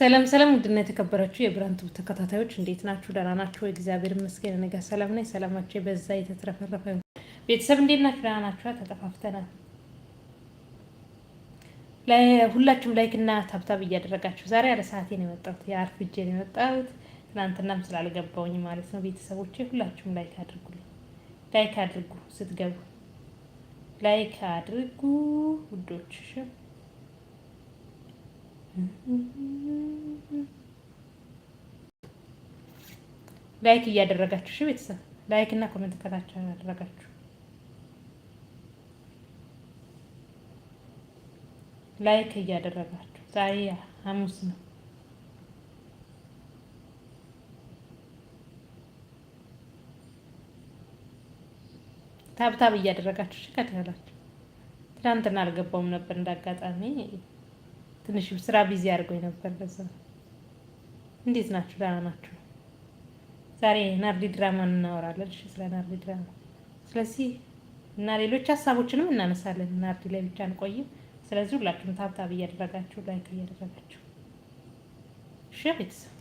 ሰላም ሰላም፣ ውድና የተከበራችሁ የብራንት ተከታታዮች እንዴት ናችሁ? ደህና ናችሁ? እግዚአብሔር ይመስገን፣ እኔ ጋር ሰላም ነኝ። ሰላማችሁ በዛ የተትረፈረፈ ቤተሰብ እንዴት ናችሁ? ደህና ናችሁ? ተጠፋፍተናል። ሁላችሁም ላይክ እና ታብታብ እያደረጋችሁ ዛሬ አለ ሰዓቴ ነው የመጣሁት፣ የአርፍጄ ነው የመጣሁት። ትናንትናም ስላልገባውኝ ማለት ነው። ቤተሰቦቼ ሁላችሁም ላይክ አድርጉልኝ፣ ላይክ አድርጉ፣ ስትገቡ ላይክ አድርጉ ውዶች። ላይክ እያደረጋችሁ እሺ፣ ቤተሰብ ላይክ እና ኮሜንት ከታች ያደረጋችሁ ላይክ እያደረጋችሁ ዛሬ ሐሙስ ነው። ታብታብ እያደረጋችሁ እሺ። ያላችሁ ትናንትና አልገባውም ነበር እንዳጋጣሚ ትንሽ ስራ ቢዚ አድርጎኝ ነበር። በዛ እንዴት ናችሁ? ደህና ናችሁ? ዛሬ ናርዲ ድራማ እናወራለን። እሺ፣ ስለ ናርዲ ድራማ ስለዚህ እና ሌሎች ሀሳቦችንም እናነሳለን። ናርዲ ላይ ብቻ አንቆይም። ስለዚህ ሁላችሁም ታብታብ እያደረጋችሁ ላይክ እያደረጋችሁ እሺ ቤተሰብ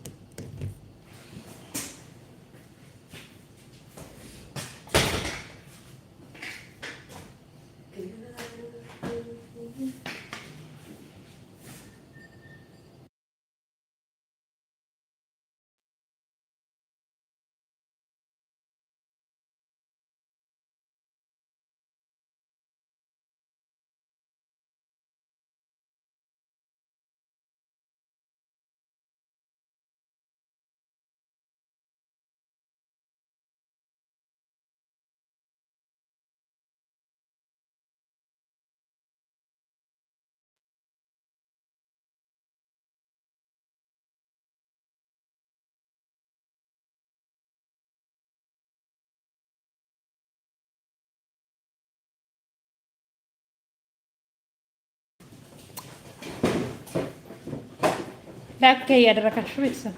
ላክ እያደረጋችሁ ቤተሰብ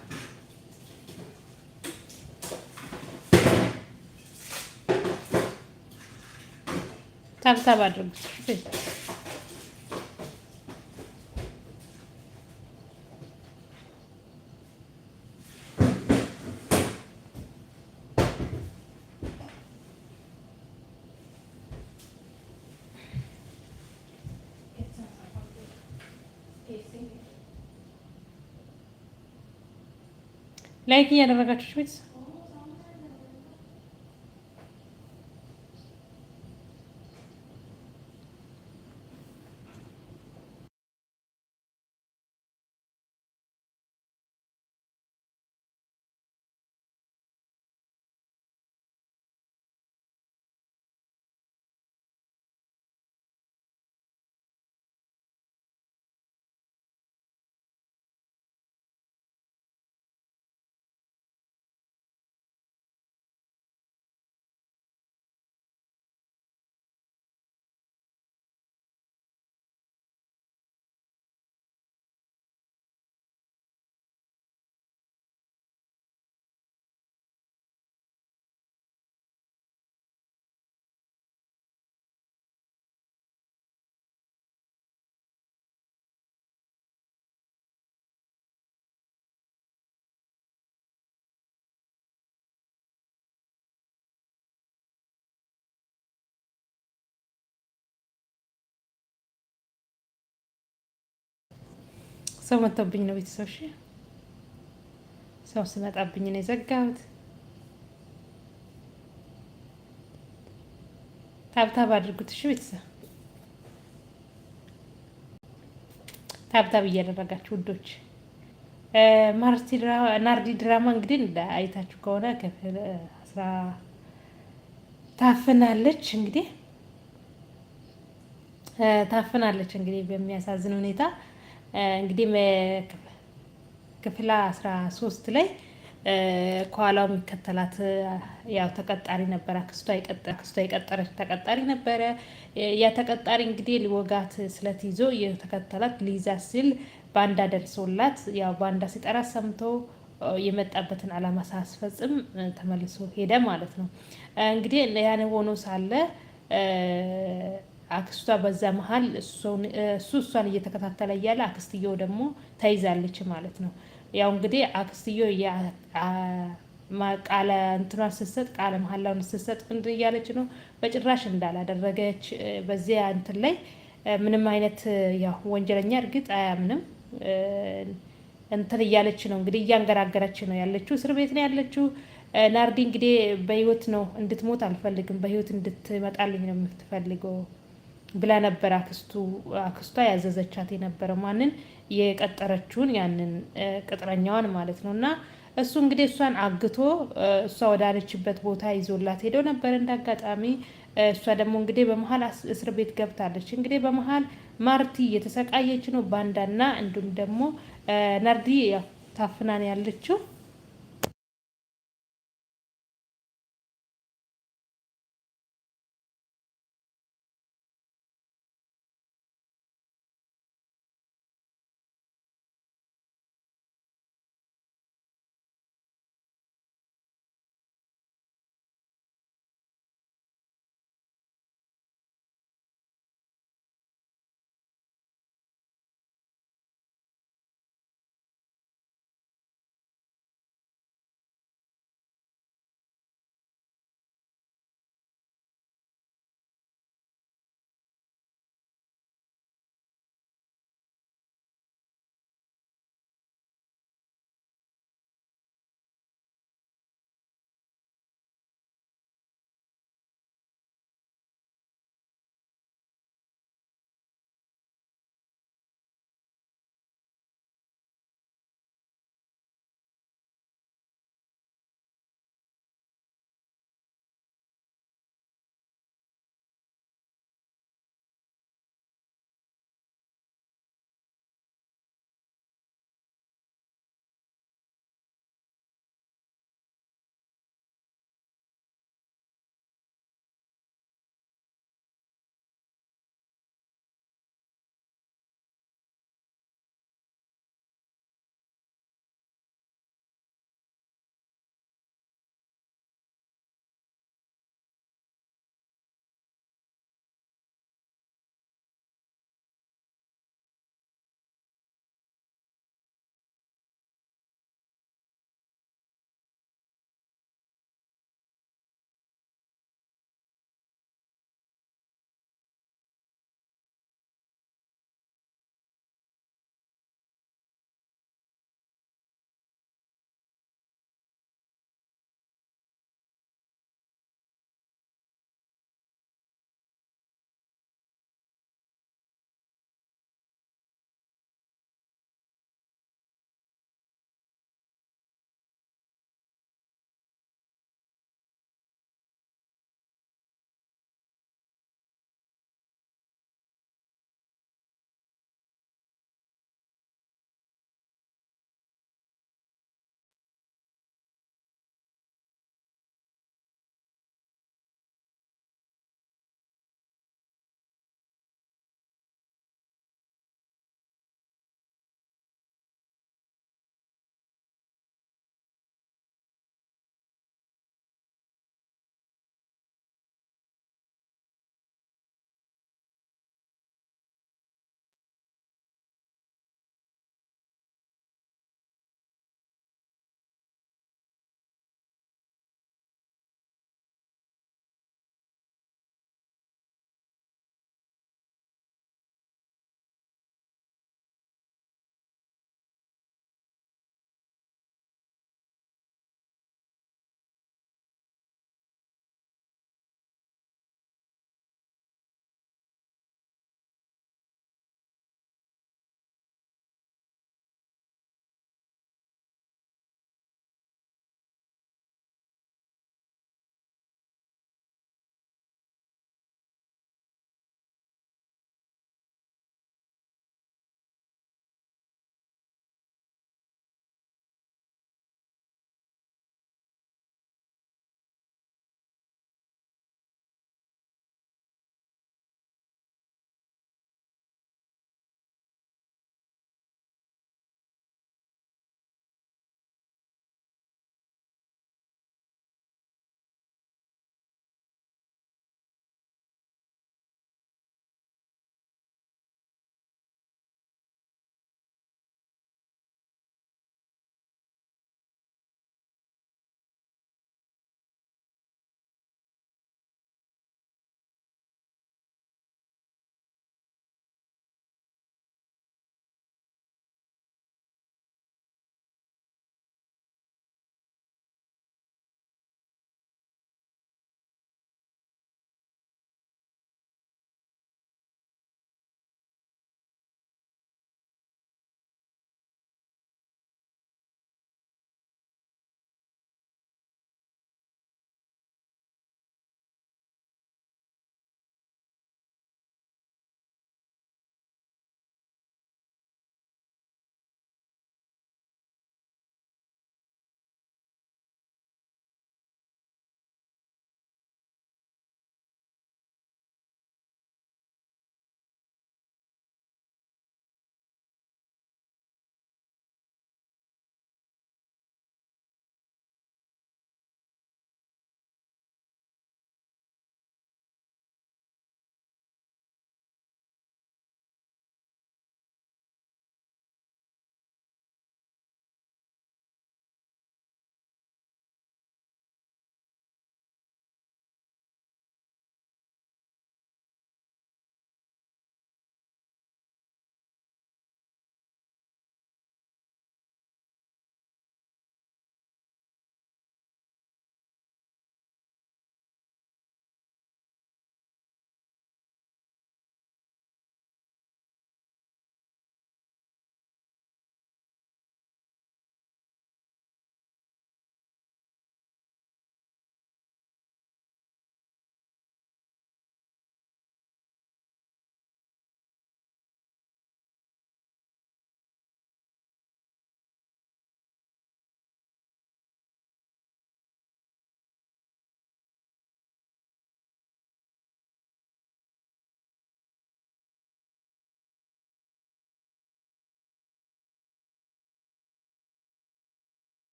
ታብታብ አድርጉት። ላይክ እያደረጋችሁ ሰው መጥቶብኝ ነው ቤተሰብ። እሺ ሰው ስመጣብኝ ነው የዘጋሁት። ታብታብ አድርጉት እሺ ቤተሰብ፣ ታብታብ እያደረጋችሁ ውዶች። ናርዲ ድራማ እንግዲህ አይታችሁ ከሆነ ክፍል አስራ ታፍናለች እንግዲህ ታፍናለች እንግዲህ በሚያሳዝን ሁኔታ እንግዲህ ክፍል አስራ ሶስት ላይ ከኋላው የሚከተላት ያው ተቀጣሪ ነበረ። አክስቷ የቀጠረች ተቀጣሪ ነበረ። ያ ተቀጣሪ እንግዲህ ሊወጋት ስለት ይዞ የተከተላት ሊዛ ሲል ባንዳ ደርሶላት ያው ባንዳ ሲጠራ ሰምቶ የመጣበትን ዓላማ ሳያስፈጽም ተመልሶ ሄደ ማለት ነው። እንግዲህ ያን ሆኖ ሳለ አክስቷ በዛ መሀል እሱ እሷን እየተከታተለ እያለ አክስትዮ ደግሞ ተይዛለች ማለት ነው። ያው እንግዲህ አክስትዮ ቃለ እንትኗን ስትሰጥ ቃለ መሀላውን ስትሰጥ እያለች ነው በጭራሽ እንዳላደረገች። በዚያ እንትን ላይ ምንም አይነት ያው ወንጀለኛ እርግጥ አያምንም እንትን እያለች ነው እንግዲህ እያንገራገረች ነው ያለችው። እስር ቤት ነው ያለችው። ናርዲ እንግዲህ በህይወት ነው እንድትሞት አልፈልግም፣ በህይወት እንድትመጣልኝ ነው የምትፈልገው ብላ ነበር አክስቱ አክስቷ ያዘዘቻት የነበረ ማንን የቀጠረችውን ያንን ቅጥረኛዋን ማለት ነው። እና እሱ እንግዲህ እሷን አግቶ እሷ ወዳለችበት ቦታ ይዞላት ሄደው ነበር እንደ አጋጣሚ። እሷ ደግሞ እንግዲህ በመሀል እስር ቤት ገብታለች። እንግዲህ በመሀል ማርቲ እየተሰቃየች ነው ባንዳና እንዲሁም ደግሞ ነርዲ ታፍናን ያለችው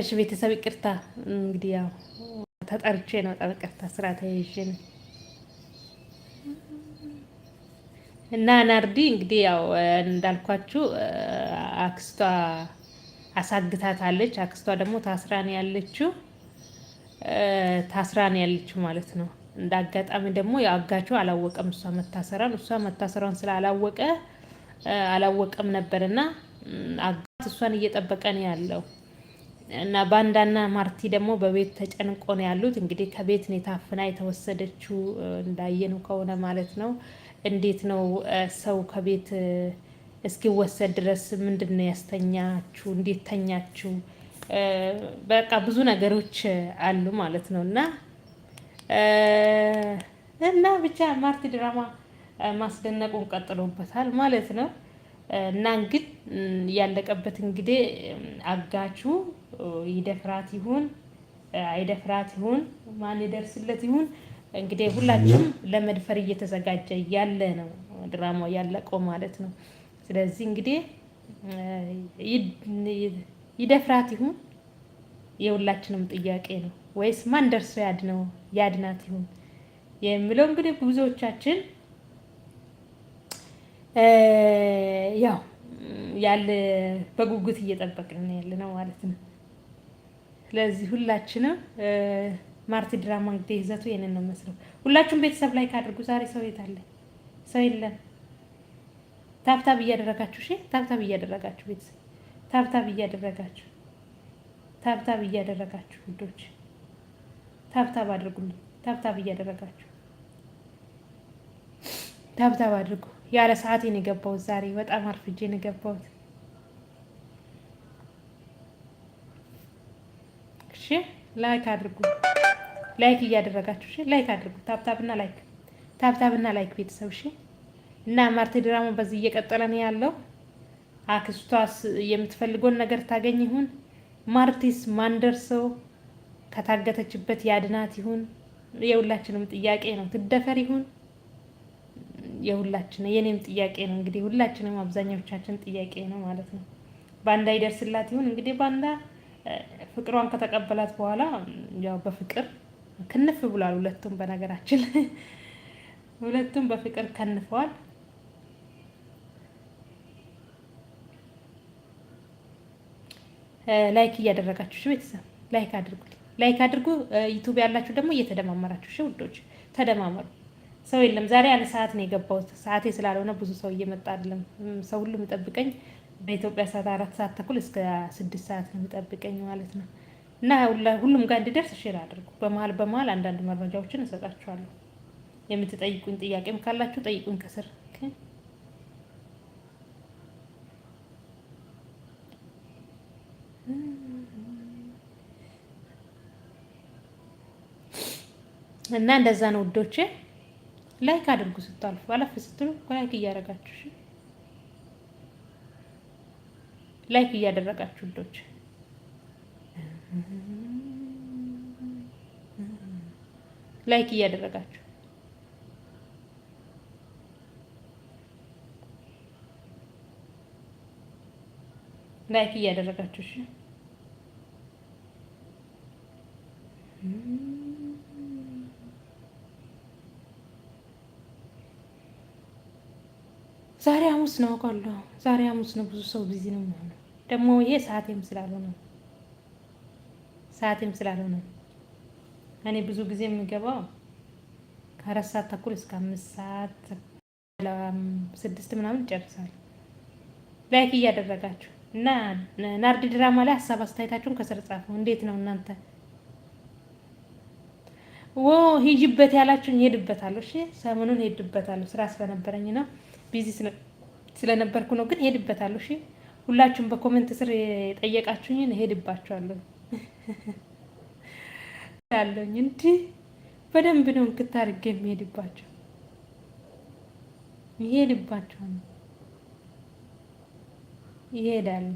እሺ ቤተሰብ ይቅርታ እንግዲህ ያው ተጠርቼ ነው። በጣም ይቅርታ ስራ ተያይዤ ነው። እና ናርዲ እንግዲህ ያው እንዳልኳችሁ አክስቷ አሳግታታለች። አክስቷ ደግሞ ታስራን ያለችው፣ ታስራን ያለችው ማለት ነው። እንደ አጋጣሚ ደግሞ ያው አላወቀም እሷ መታሰራን እሷ መታሰራን ስላላወቀ አላወቀም ነበርና አጋት እሷን እየጠበቀን ነው ያለው እና ባንዳና ማርቲ ደግሞ በቤት ተጨንቆ ነው ያሉት። እንግዲህ ከቤት ነው የታፍና የተወሰደችው እንዳየነው ከሆነ ማለት ነው። እንዴት ነው ሰው ከቤት እስኪወሰድ ድረስ ምንድን ነው ያስተኛችሁ? እንዴት ተኛችሁ? በቃ ብዙ ነገሮች አሉ ማለት ነው እና እና ብቻ ማርቲ ድራማ ማስደነቁን ቀጥሎበታል ማለት ነው እና ግን ያለቀበት እንግዲህ አጋቹ ይደፍራት ይሁን አይደፍራት ይሁን ማን ይደርስለት ይሁን እንግዲህ ሁላችንም ለመድፈር እየተዘጋጀ ያለ ነው ድራማው ያለቀው ማለት ነው። ስለዚህ እንግዲህ ይደፍራት ይሁን የሁላችንም ጥያቄ ነው፣ ወይስ ማን ደርሶ ያድነው ያድናት ይሁን የሚለው እንግዲህ ብዙዎቻችን ያው ያለ በጉጉት እየጠበቅን ያለ ነው ማለት ነው። ስለዚህ ሁላችንም ማርቲ ድራማ እንግዲህ ይዘቱ ይህንን ነው መስለው። ሁላችሁም ቤተሰብ ላይ ካድርጉ። ዛሬ ሰው የት አለ? ሰው የለም። ታብታብ እያደረጋችሁ እሺ፣ ታብታብ እያደረጋችሁ ቤተሰብ፣ ታብታብ እያደረጋችሁ፣ ታብታብ እያደረጋችሁ ውዶች፣ ታብታብ አድርጉልኝ። ታብታብ እያደረጋችሁ ታብታብ አድርጉ። ያለ ሰዓቴ ነው የገባሁት ዛሬ፣ በጣም አርፍጄ ነው የገባሁት። እሺ ላይክ አድርጉ። ላይክ እያደረጋችሁ እሺ፣ ላይክ አድርጉ። ታብታብና ላይክ፣ ታብታብና ላይክ ቤተሰብ እሺ። እና ማርቴ ድራማ በዚህ እየቀጠለ ነው ያለው። አክስቷስ የምትፈልገውን ነገር ታገኝ ይሁን? ማርቲስ ማን ደርሰው ከታገተችበት ያድናት ይሁን? የሁላችንም ጥያቄ ነው። ትደፈር ይሁን? የሁላችን የኔም ጥያቄ ነው። እንግዲህ ሁላችንም አብዛኛዎቻችን ጥያቄ ነው ማለት ነው። ባንዳ ይደርስላት ይሁን እንግዲህ ባንዳ ፍቅሯን ከተቀበላት በኋላ ያው በፍቅር ክንፍ ብሏል። ሁለቱም በነገራችን ሁለቱም በፍቅር ከንፈዋል። ላይክ እያደረጋችሁ እሺ፣ ቤተሰብ ላይክ አድርጉ፣ ላይክ አድርጉ። ዩቱብ ያላችሁ ደግሞ እየተደማመራችሁ እሺ፣ ውዶች ተደማመሩ። ሰው የለም ዛሬ ያለ ሰዓት ነው የገባሁት። ሰዓቴ ስላልሆነ ብዙ ሰው እየመጣ አይደለም። ሰው ሁሉም ይጠብቀኝ። በኢትዮጵያ ሰዓት አራት ሰዓት ተኩል እስከ ስድስት ሰዓት ነው የሚጠብቀኝ ማለት ነው። እና ሁሉም ጋር እንዲደርስ ሼር አድርጉ። በመሀል በመሀል አንዳንድ መረጃዎችን እሰጣችኋለሁ። የምትጠይቁኝ ጥያቄም ካላችሁ ጠይቁኝ ከስር እና እንደዛ ነው ውዶቼ። ላይክ አድርጉ ስታልፉ አለፍ ስትሉ ላይክ እያደረጋችሁ ላይክ እያደረጋችሁ ልጆች ላይክ እያደረጋችሁ ላይክ እያደረጋችሁ እሺ ነው አውቃለሁ። ዛሬ ሐሙስ ነው፣ ብዙ ሰው ቢዚ ነው የሚሆነው። ደግሞ ይሄ ሰዓቴም ስላልሆነ ሰዓቴም ስላልሆነ እኔ ብዙ ጊዜ የሚገባው ከአራት ሰዓት ተኩል እስከ አምስት ሰዓት ስድስት ምናምን ይጨርሳል። ላይክ እያደረጋችሁ እና ናርዲ ድራማ ላይ ሀሳብ አስተያየታችሁን ከስር ጻፉ። እንዴት ነው እናንተ? ወ ሂጅበት ያላችሁኝ ሄድበታለሁ። እሺ ሰሞኑን ሄድበታለሁ፣ ስራ ስለነበረኝ ነው ቢዚ ስለነበርኩ ነው። ግን ሄድበታለሁ። እሺ ሁላችሁም በኮመንት ስር የጠየቃችሁኝን ሄድባችኋለሁ ያለኝ እንዲ በደንብ ነው እንክት አድርጌ የሚሄድባቸው ይሄድባቸዋል ይሄዳል።